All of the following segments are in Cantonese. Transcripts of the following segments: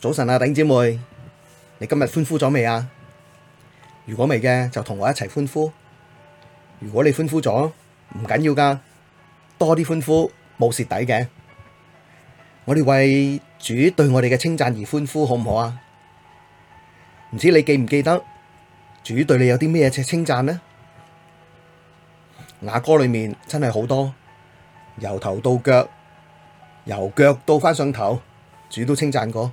早晨啊，弟兄姐妹，你今日歡呼咗未啊？如果未嘅，就同我一齊歡呼。如果你歡呼咗，唔緊要噶，多啲歡呼冇蝕底嘅。我哋為主對我哋嘅稱讚而歡呼，好唔好啊？唔知你記唔記得主對你有啲咩嘢嘅稱讚呢？雅歌裏面真係好多，由頭到腳，由腳到翻上頭，主都稱讚過。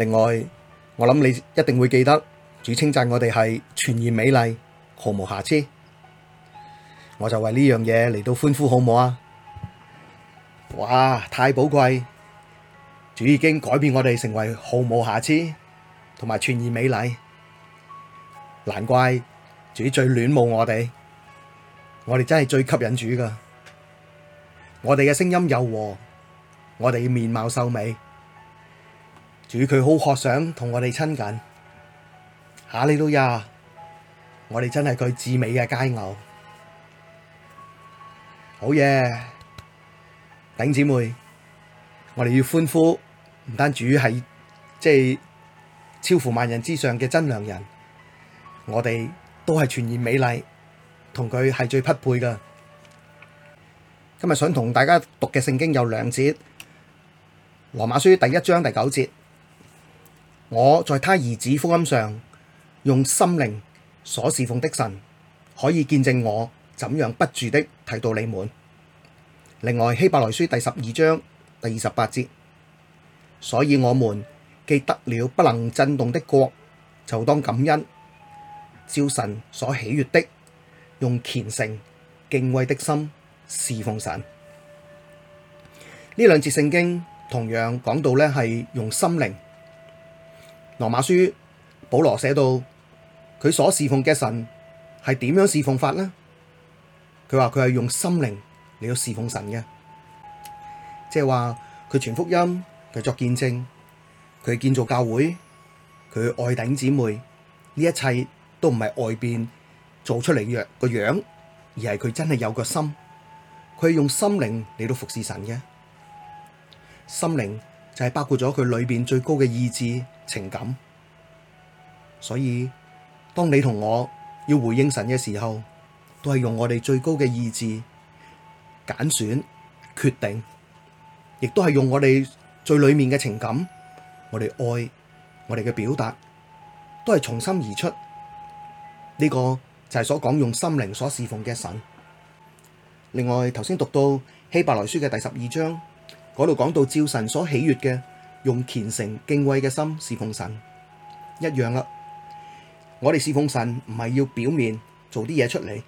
另外，我諗你一定會記得主稱讚我哋係全然美麗，毫無瑕疵。我就為呢樣嘢嚟到歡呼，好唔好啊？哇，太寶貴！主已經改變我哋，成為毫無瑕疵，同埋全然美麗。難怪主最戀慕我哋，我哋真係最吸引主噶我哋嘅聲音柔和，我哋嘅面貌秀美。主佢好渴想同我哋親近，哈利路亞！我哋真係佢至美嘅佳偶，好嘢！頂姐妹，我哋要歡呼，唔單止係即係超乎萬人之上嘅真良人，我哋都係全然美麗，同佢係最匹配噶。今日想同大家讀嘅聖經有兩節，《羅馬書》第一章第九節。我在他兒子福音上，用心靈所侍奉的神，可以見證我怎樣不住的提到你們。另外希伯來書第十二章第二十八節，所以我們既得了不能震動的國，就當感恩，照神所喜悅的，用虔誠敬畏的心侍奉神。呢兩節聖經同樣講到呢，係用心靈。羅馬書保羅寫到佢所侍奉嘅神係點樣侍奉法呢？佢話佢係用心靈嚟到侍奉神嘅，即係話佢傳福音，佢作見證，佢建造教會，佢愛頂姊妹，呢一切都唔係外邊做出嚟嘅個樣，而係佢真係有個心，佢用心靈嚟到服侍神嘅。心靈就係包括咗佢裏邊最高嘅意志、情感，所以當你同我要回應神嘅時候，都係用我哋最高嘅意志揀選、決定，亦都係用我哋最裏面嘅情感，我哋愛，我哋嘅表達，都係從心而出。呢個就係所講用心靈所侍奉嘅神。另外頭先讀到希伯來書嘅第十二章，嗰度講到照神所喜悅嘅。用虔誠、敬畏嘅心侍奉神，一樣啦。我哋侍奉神唔係要表面做啲嘢出嚟，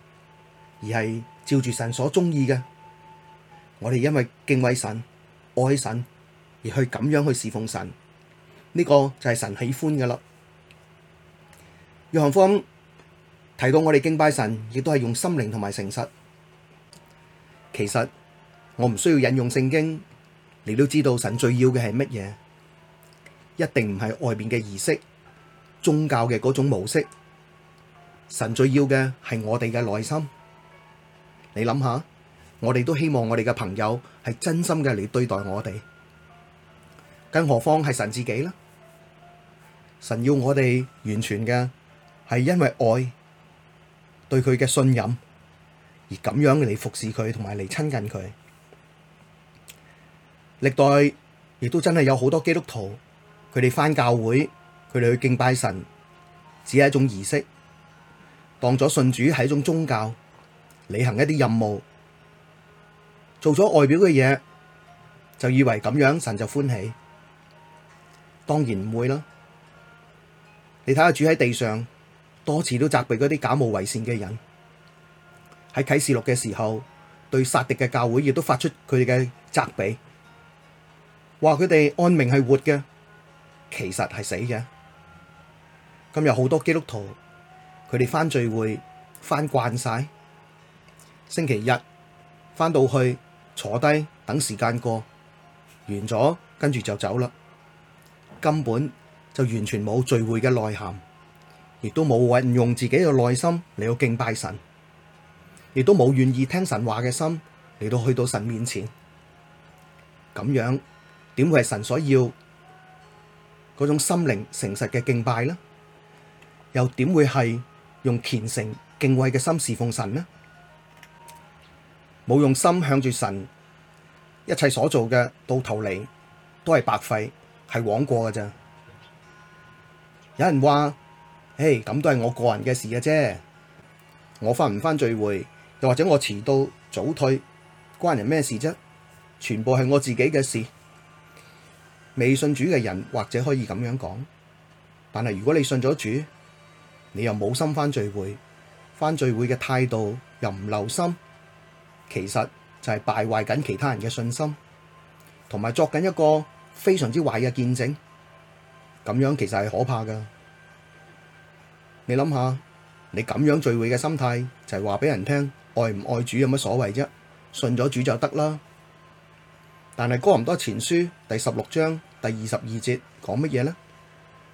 而係照住神所中意嘅。我哋因為敬畏神、愛神，而去咁樣去侍奉神，呢個就係神喜歡嘅啦。約翰福音提到我哋敬拜神，亦都係用心靈同埋誠實。其實我唔需要引用聖經。你都知道神最要嘅係乜嘢？一定唔係外面嘅儀式、宗教嘅嗰種模式。神最要嘅係我哋嘅內心。你諗下，我哋都希望我哋嘅朋友係真心嘅嚟對待我哋。更何況係神自己呢？神要我哋完全嘅，係因為愛，對佢嘅信任而咁樣嚟服侍佢，同埋嚟親近佢。歷代亦都真係有好多基督徒，佢哋返教會，佢哋去敬拜神，只係一種儀式，當咗信主係一種宗教，履行一啲任務，做咗外表嘅嘢，就以為咁樣神就歡喜，當然唔會啦。你睇下主喺地上多次都責備嗰啲假冒為善嘅人，喺啟示錄嘅時候對撒但嘅教會亦都發出佢哋嘅責備。話佢哋按名係活嘅，其實係死嘅。今日好多基督徒，佢哋翻聚會翻慣晒，星期日翻到去坐低等時間過，完咗跟住就走啦。根本就完全冇聚會嘅內涵，亦都冇用自己嘅內心嚟到敬拜神，亦都冇願意聽神話嘅心嚟到去到神面前，咁樣。點會係神所要嗰種心靈誠實嘅敬拜呢？又點會係用虔誠敬畏嘅心侍奉神呢？冇用心向住神，一切所做嘅到頭嚟都係白費，係枉過嘅。咋有人話：誒，咁都係我個人嘅事嘅啫。我返唔返聚會，又或者我遲到早退，關人咩事啫？全部係我自己嘅事。未信主嘅人或者可以咁樣講，但係如果你信咗主，你又冇心返聚會，返聚會嘅態度又唔留心，其實就係敗壞緊其他人嘅信心，同埋作緊一個非常之壞嘅見證。咁樣其實係可怕噶。你諗下，你咁樣聚會嘅心態就係話俾人聽，愛唔愛主有乜所謂啫？信咗主就得啦。但係《哥林多前書》第十六章第二十二節講乜嘢呢？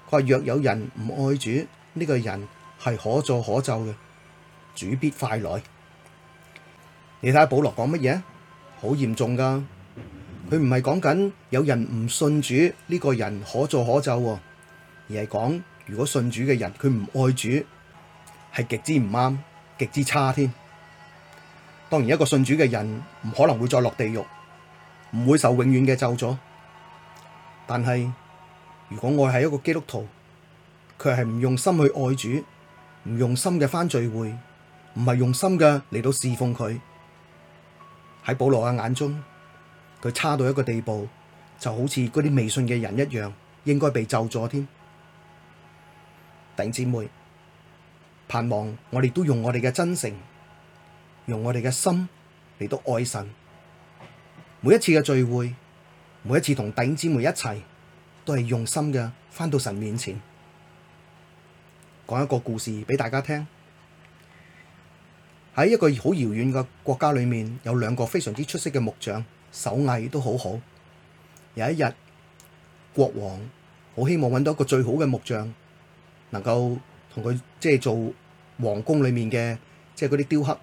佢話若有人唔愛主，呢個人係可詛可咒嘅，主必快來。你睇下保羅講乜嘢，好嚴重噶。佢唔係講緊有人唔信主，呢個人可詛可咒，而係講如果信主嘅人佢唔愛主，係極之唔啱，極之差添。當然一個信主嘅人唔可能會再落地獄。唔會受永遠嘅咒詛，但係如果我係一個基督徒，佢係唔用心去愛主，唔用心嘅返聚會，唔係用心嘅嚟到侍奉佢，喺保羅嘅眼中，佢差到一個地步，就好似嗰啲未信嘅人一樣，應該被咒詛添。弟兄姊妹，盼望我哋都用我哋嘅真誠，用我哋嘅心嚟到愛神。每一次嘅聚會，每一次同弟姊妹一齊，都係用心嘅返到神面前，講一個故事俾大家聽。喺一個好遙遠嘅國家裏面，有兩個非常之出色嘅木匠，手藝都好好。有一日，國王好希望搵到一個最好嘅木匠，能夠同佢即係做皇宮裏面嘅即係嗰啲雕刻。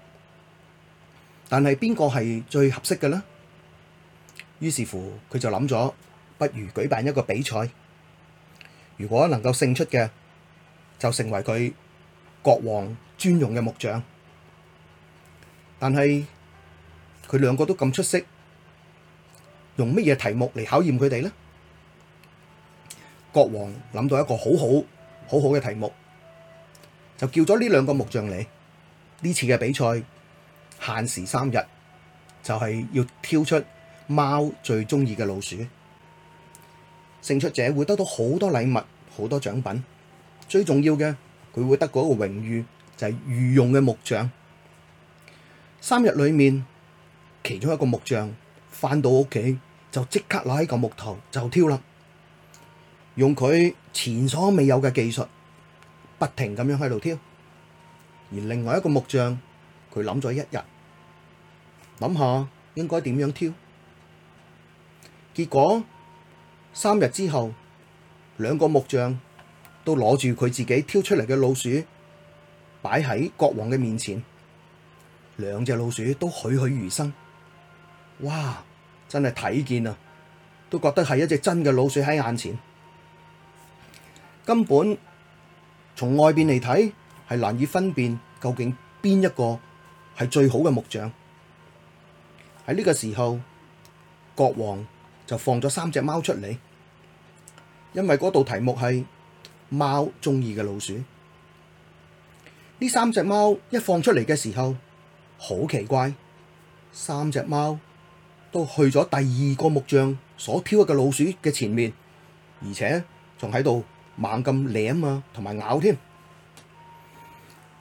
但係邊個係最合適嘅呢？於是乎佢就諗咗，不如舉辦一個比賽。如果能夠勝出嘅，就成為佢國王專用嘅木匠。但係佢兩個都咁出色，用乜嘢題目嚟考驗佢哋呢？國王諗到一個好好好好嘅題目，就叫咗呢兩個木匠嚟呢次嘅比賽，限時三日，就係要挑出貓最中意嘅老鼠，勝出者會得到好多禮物、好多獎品，最重要嘅佢會得嗰個榮譽，就係御用嘅木匠。三日裏面，其中一個木匠翻到屋企就即刻攞起嚿木頭就挑啦，用佢前所未有嘅技術，不停咁樣喺度挑。而另外一個木匠，佢諗咗一日，諗下應該點樣挑。結果三日之後，兩個木匠都攞住佢自己挑出嚟嘅老鼠，擺喺國王嘅面前。兩隻老鼠都栩栩如生，哇！真係睇見啊，都覺得係一隻真嘅老鼠喺眼前。根本從外邊嚟睇，係難以分辨究竟邊一個係最好嘅木匠。喺呢個時候，國王。就放咗三隻貓出嚟，因為嗰道題目係貓中意嘅老鼠。呢三隻貓一放出嚟嘅時候，好奇怪，三隻貓都去咗第二個木匠所挑嘅老鼠嘅前面，而且仲喺度猛咁舐啊，同埋咬添。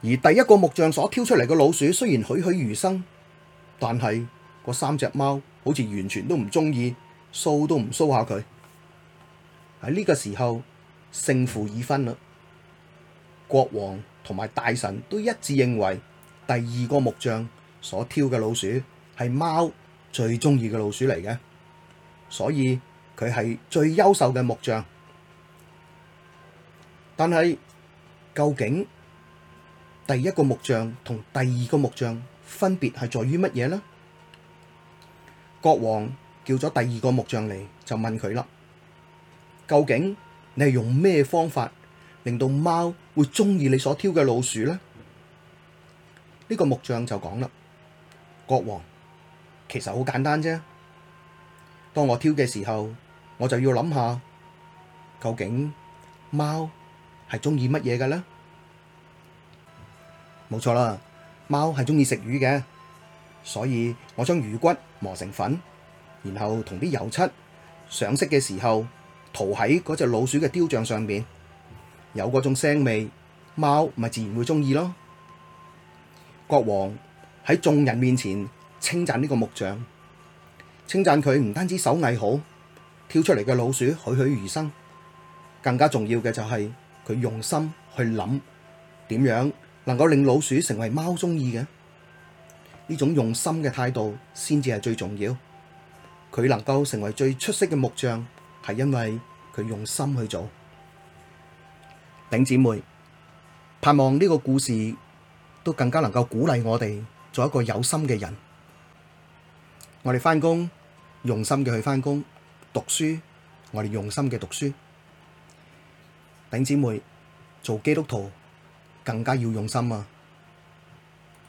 而第一個木匠所挑出嚟嘅老鼠雖然栩栩如生，但係嗰三隻貓好似完全都唔中意。掃都唔掃下佢，喺呢個時候勝負已分啦。國王同埋大臣都一致認為，第二個木匠所挑嘅老鼠係貓最中意嘅老鼠嚟嘅，所以佢係最優秀嘅木匠。但係究竟第一個木匠同第二個木匠分別係在於乜嘢呢？國王？叫咗第二個木匠嚟，就問佢啦：究竟你係用咩方法令到貓會中意你所挑嘅老鼠呢？這」呢個木匠就講啦：國王其實好簡單啫。當我挑嘅時候，我就要諗下究竟貓係中意乜嘢嘅呢？冇錯啦，貓係中意食魚嘅，所以我將魚骨磨成粉。然後同啲油漆上色嘅時候，塗喺嗰隻老鼠嘅雕像上面，有嗰種腥味，貓咪自然會中意咯。國王喺眾人面前稱讚呢個木匠，稱讚佢唔單止手藝好，跳出嚟嘅老鼠栩栩如生，更加重要嘅就係佢用心去諗點樣能夠令老鼠成為貓中意嘅，呢種用心嘅態度，先至係最重要。佢能夠成為最出色嘅木匠，係因為佢用心去做。頂姊妹，盼望呢個故事都更加能夠鼓勵我哋做一個有心嘅人。我哋返工用心嘅去返工，讀書我哋用心嘅讀書。頂姊妹，做基督徒更加要用心啊！